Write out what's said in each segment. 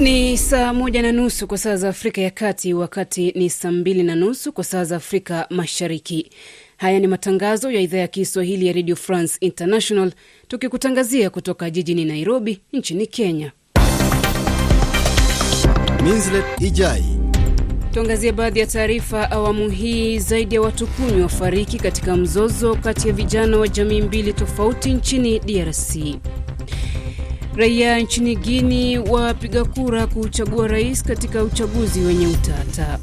Ni saa moja na nusu kwa saa za Afrika ya Kati, wakati ni saa mbili na nusu kwa saa za Afrika Mashariki. Haya ni matangazo ya idhaa ya Kiswahili ya Radio France International, tukikutangazia kutoka jijini Nairobi nchini Kenya. Minslet Ijai tuangazie baadhi ya taarifa awamu hii. Zaidi ya watu kumi wafariki katika mzozo kati ya vijana wa jamii mbili tofauti nchini DRC. Raia nchini Guini wapiga kura kuchagua rais katika uchaguzi wenye utata.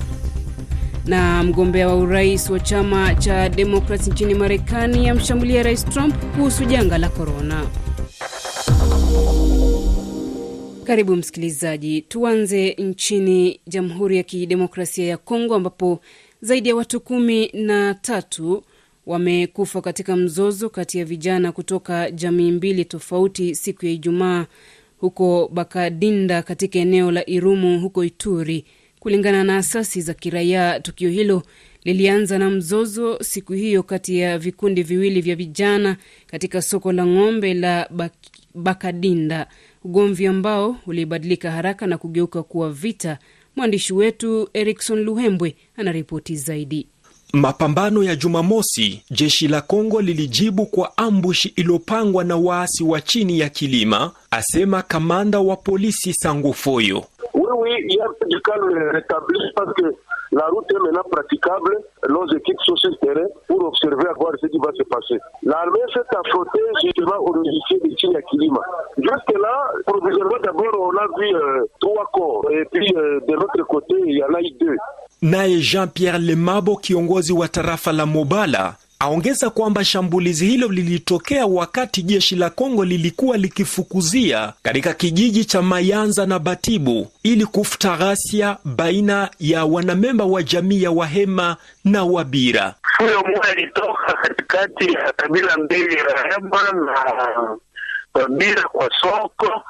Na mgombea wa urais wa chama cha Demokrat nchini Marekani amshambulia Rais Trump kuhusu janga la korona. Karibu msikilizaji, tuanze nchini Jamhuri ya Kidemokrasia ya Kongo ambapo zaidi ya watu kumi na tatu wamekufa katika mzozo kati ya vijana kutoka jamii mbili tofauti siku ya Ijumaa huko Bakadinda katika eneo la Irumu huko Ituri. Kulingana na asasi za kiraia, tukio hilo lilianza na mzozo siku hiyo kati ya vikundi viwili vya vijana katika soko la ng'ombe la Bakadinda, ugomvi ambao ulibadilika haraka na kugeuka kuwa vita. Mwandishi wetu Erikson Luhembwe anaripoti zaidi. Mapambano ya Jumamosi, jeshi la Kongo lilijibu kwa ambushi iliyopangwa na waasi wa chini ya kilima, asema kamanda wa polisi Sangufoyo. La route est maintenant praticable. Nos équipes sont sur le terrain pour observer à voir ce qui va se passer. L'armée s'est affrontée justement au logiciel de Chine à Kilima. Jusque-là, provisoirement d'abord, on a vu euh, trois corps. Et puis euh, de l'autre côté, il y en a eu deux. Naye Jean-Pierre Lemabo kiongozi wa tarafa la Mobala Aongeza kwamba shambulizi hilo lilitokea wakati jeshi la Kongo lilikuwa likifukuzia katika kijiji cha Mayanza na Batibu ili kufuta ghasia baina ya wanamemba wa jamii ya Wahema na Wabira. Huyo moja alitoka katikati ya kabila mbili ya hema na Wabira kwa soko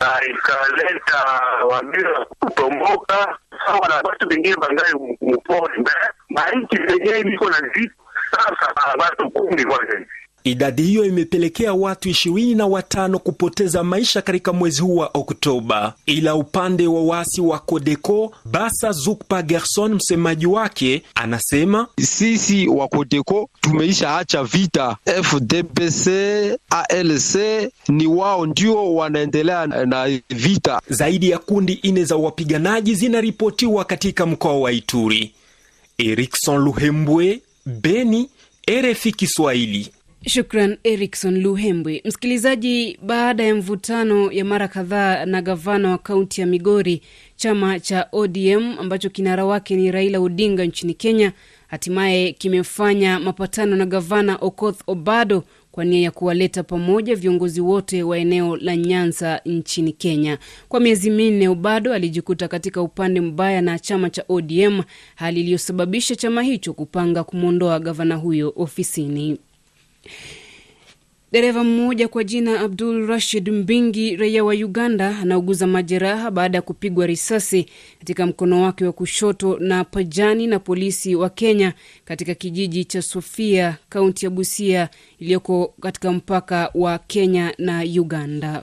na ikaleta Wabira kutomboka sawa na watu vengine bangai mpori maiki venyewe viko na vitu sasa watu kumi kwanza. Idadi hiyo imepelekea watu ishirini na watano kupoteza maisha katika mwezi huu wa Oktoba. Ila upande wa wasi wa Kodeko, Basa Zukpa Gerson, msemaji wake, anasema sisi wa Kodeko tumeisha acha vita. FDPC ALC ni wao ndio wanaendelea na vita. Zaidi ya kundi ine za wapiganaji zinaripotiwa katika mkoa wa Ituri. Erikson Luhembwe, Beni, RFI Kiswahili. Shukran Erikson Luhembwe. Msikilizaji, baada ya mvutano ya mara kadhaa na gavana wa kaunti ya Migori, chama cha ODM ambacho kinara wake ni Raila Odinga nchini Kenya hatimaye kimefanya mapatano na gavana Okoth Obado kwa nia ya kuwaleta pamoja viongozi wote wa eneo la Nyanza nchini Kenya. Kwa miezi minne, Obado alijikuta katika upande mbaya na chama cha ODM, hali iliyosababisha chama hicho kupanga kumwondoa gavana huyo ofisini. Dereva mmoja kwa jina Abdul Rashid Mbingi, raia wa Uganda, anauguza majeraha baada ya kupigwa risasi katika mkono wake wa kushoto na pajani na polisi wa Kenya katika kijiji cha Sofia, kaunti ya Busia, iliyoko katika mpaka wa Kenya na Uganda.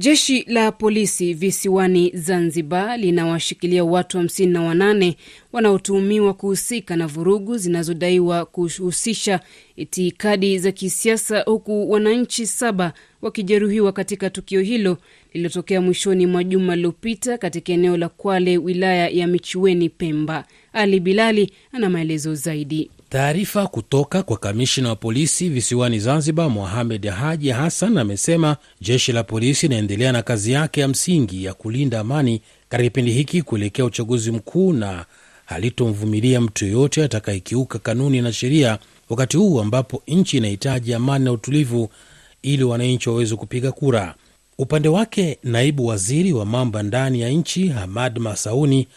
Jeshi la polisi visiwani Zanzibar linawashikilia watu 58 wanaotuhumiwa kuhusika na vurugu zinazodaiwa kuhusisha itikadi za kisiasa, huku wananchi saba wakijeruhiwa katika tukio hilo lililotokea mwishoni mwa juma lililopita katika eneo la Kwale, wilaya ya Michiweni, Pemba. Ali Bilali ana maelezo zaidi. Taarifa kutoka kwa kamishina wa polisi visiwani Zanzibar, Mohamed Haji Hassan, amesema jeshi la polisi inaendelea na kazi yake ya msingi ya kulinda amani katika kipindi hiki kuelekea uchaguzi mkuu na halitomvumilia mtu yoyote atakayekiuka kanuni na sheria, wakati huu ambapo nchi inahitaji amani na utulivu ili wananchi waweze kupiga kura. Upande wake, naibu waziri wa mambo ya ndani ya nchi Hamad Masauni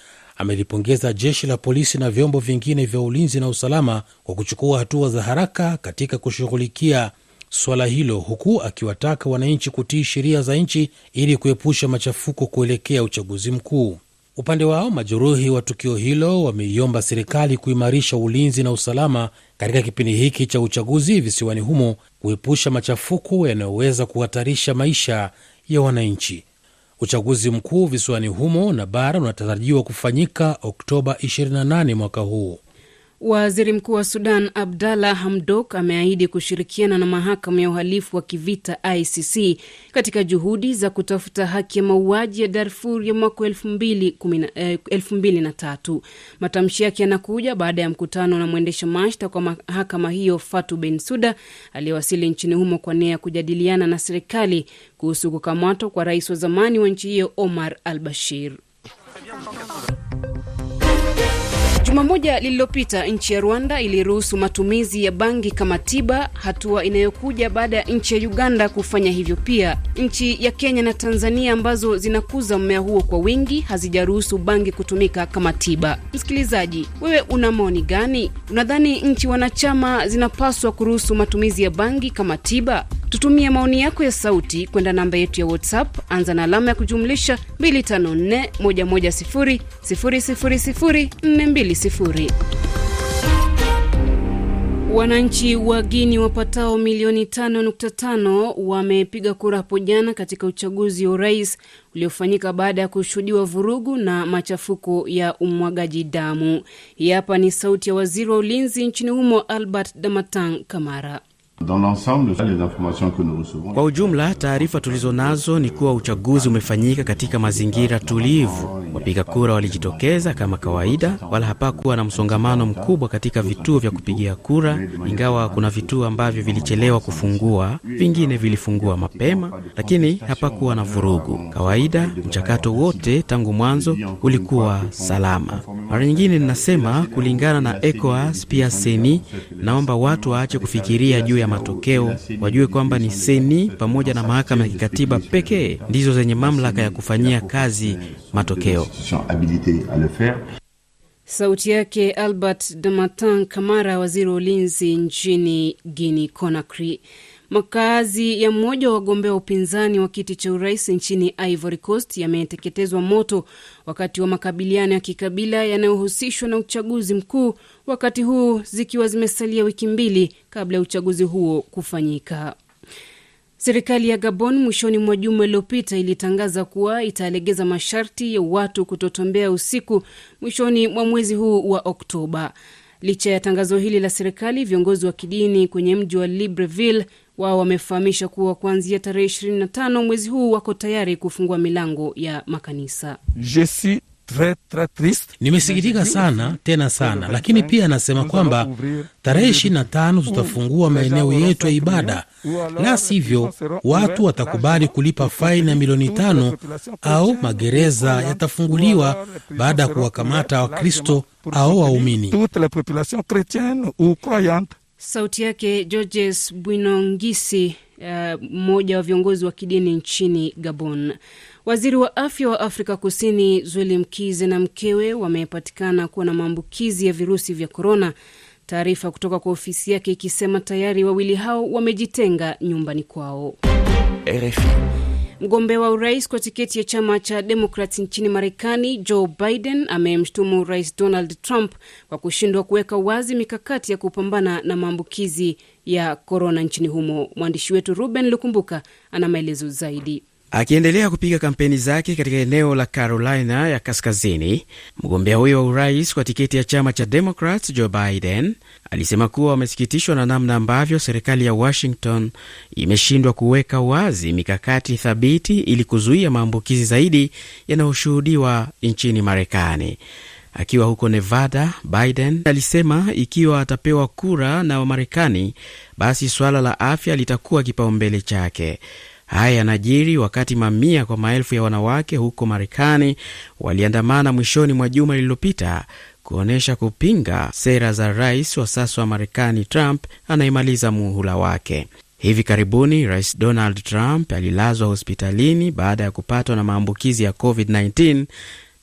amelipongeza jeshi la polisi na vyombo vingine vya ulinzi na usalama kwa kuchukua hatua za haraka katika kushughulikia swala hilo huku akiwataka wananchi kutii sheria za nchi ili kuepusha machafuko kuelekea uchaguzi mkuu. Upande wao, majeruhi wa tukio hilo wameiomba serikali kuimarisha ulinzi na usalama katika kipindi hiki cha uchaguzi visiwani humo, kuepusha machafuko yanayoweza kuhatarisha maisha ya wananchi. Uchaguzi mkuu visiwani humo na bara unatarajiwa kufanyika Oktoba 28 mwaka huu. Waziri Mkuu wa Sudan Abdalla Hamdok ameahidi kushirikiana na mahakama ya uhalifu wa kivita ICC katika juhudi za kutafuta haki ya mauaji ya Darfur ya mwaka elfu mbili eh, na tatu. Matamshi yake yanakuja baada ya mkutano na mwendesha mashtaka wa mahakama hiyo Fatu suda aliyewasili nchini humo kwa nia ya kujadiliana na serikali kuhusu kukamatwa kwa rais wa zamani wa nchi hiyo Omar al Bashir. Juma moja lililopita nchi ya Rwanda iliruhusu matumizi ya bangi kama tiba, hatua inayokuja baada ya nchi ya Uganda kufanya hivyo pia. Nchi ya Kenya na Tanzania ambazo zinakuza mmea huo kwa wingi hazijaruhusu bangi kutumika kama tiba. Msikilizaji, wewe una maoni gani? Unadhani nchi wanachama zinapaswa kuruhusu matumizi ya bangi kama tiba? Tutumie maoni yako ya sauti kwenda namba yetu ya WhatsApp, anza na alama ya kujumlisha 254110000420. Wananchi wa Guini wapatao milioni 5.5 wamepiga kura hapo jana katika uchaguzi wa urais uliofanyika baada ya kushuhudiwa vurugu na machafuko ya umwagaji damu. Hii hapa ni sauti ya waziri wa ulinzi nchini humo Albert Damatang Kamara. Kwa ujumla, taarifa tulizo nazo ni kuwa uchaguzi umefanyika katika mazingira tulivu. Wapiga kura walijitokeza kama kawaida, wala hapakuwa na msongamano mkubwa katika vituo vya kupigia kura, ingawa kuna vituo ambavyo vilichelewa kufungua, vingine vilifungua mapema, lakini hapakuwa na vurugu. Kawaida mchakato wote tangu mwanzo ulikuwa salama. Mara nyingine ninasema, kulingana na ECOWAS pia seni, naomba watu waache kufikiria juu ya matokeo wajue kwamba ni seni pamoja na mahakama ya kikatiba pekee ndizo zenye mamlaka ya kufanyia kazi matokeo. Sauti yake Albert Damatan Kamara, waziri wa ulinzi nchini Guinea Conakry. Makazi ya mmoja wa wagombea wa upinzani wa kiti cha urais nchini Ivory Coast yameteketezwa moto wakati wa makabiliano ya kikabila yanayohusishwa na uchaguzi mkuu, wakati huu zikiwa zimesalia wiki mbili kabla ya uchaguzi huo kufanyika. Serikali ya Gabon mwishoni mwa juma iliyopita ilitangaza kuwa italegeza masharti ya watu kutotembea usiku mwishoni mwa mwezi huu wa Oktoba. Licha ya tangazo hili la serikali, viongozi wa kidini kwenye mji wa Libreville wao wamefahamisha kuwa kuanzia tarehe 25 mwezi huu wako tayari kufungua milango ya makanisa Jesse. Nimesikitika sana tena sana, lakini pia anasema kwamba tarehe 25 na tano tutafungua maeneo yetu ya ibada, la sivyo watu watakubali kulipa faini ya milioni tano au magereza yatafunguliwa baada ya kuwakamata Wakristo au waumini. Sauti yake Georges Bwinongisi, eh, mmoja uh, wa viongozi wa kidini nchini Gabon. Waziri wa afya wa Afrika Kusini Zweli Mkize na mkewe wamepatikana kuwa na maambukizi ya virusi vya korona, taarifa kutoka kwa ofisi yake ikisema tayari wawili hao wamejitenga nyumbani kwao. RFI. Mgombea wa urais kwa tiketi ya chama cha Demokrat nchini Marekani, Joe Biden amemshutumu Rais Donald Trump kwa kushindwa kuweka wazi mikakati ya kupambana na maambukizi ya korona nchini humo. Mwandishi wetu Ruben Lukumbuka ana maelezo zaidi. Akiendelea kupiga kampeni zake katika eneo la Carolina ya Kaskazini, mgombea huyo wa urais kwa tiketi ya chama cha Democrats Joe Biden alisema kuwa wamesikitishwa na namna ambavyo serikali ya Washington imeshindwa kuweka wazi mikakati thabiti ili kuzuia maambukizi zaidi yanayoshuhudiwa nchini Marekani. Akiwa huko Nevada, Biden alisema ikiwa atapewa kura na Wamarekani, basi suala la afya litakuwa kipaumbele chake. Haya yanajiri wakati mamia kwa maelfu ya wanawake huko Marekani waliandamana mwishoni mwa juma lililopita kuonyesha kupinga sera za rais wa sasa wa Marekani, Trump anayemaliza muhula wake. Hivi karibuni Rais Donald Trump alilazwa hospitalini baada ya kupatwa na maambukizi ya COVID-19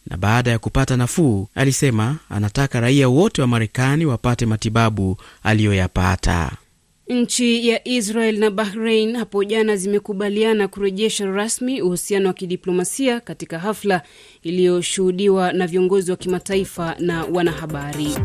na baada ya kupata nafuu, alisema anataka raia wote wa Marekani wapate matibabu aliyoyapata. Nchi ya Israel na Bahrain hapo jana zimekubaliana kurejesha rasmi uhusiano wa kidiplomasia katika hafla iliyoshuhudiwa na viongozi wa kimataifa na wanahabari.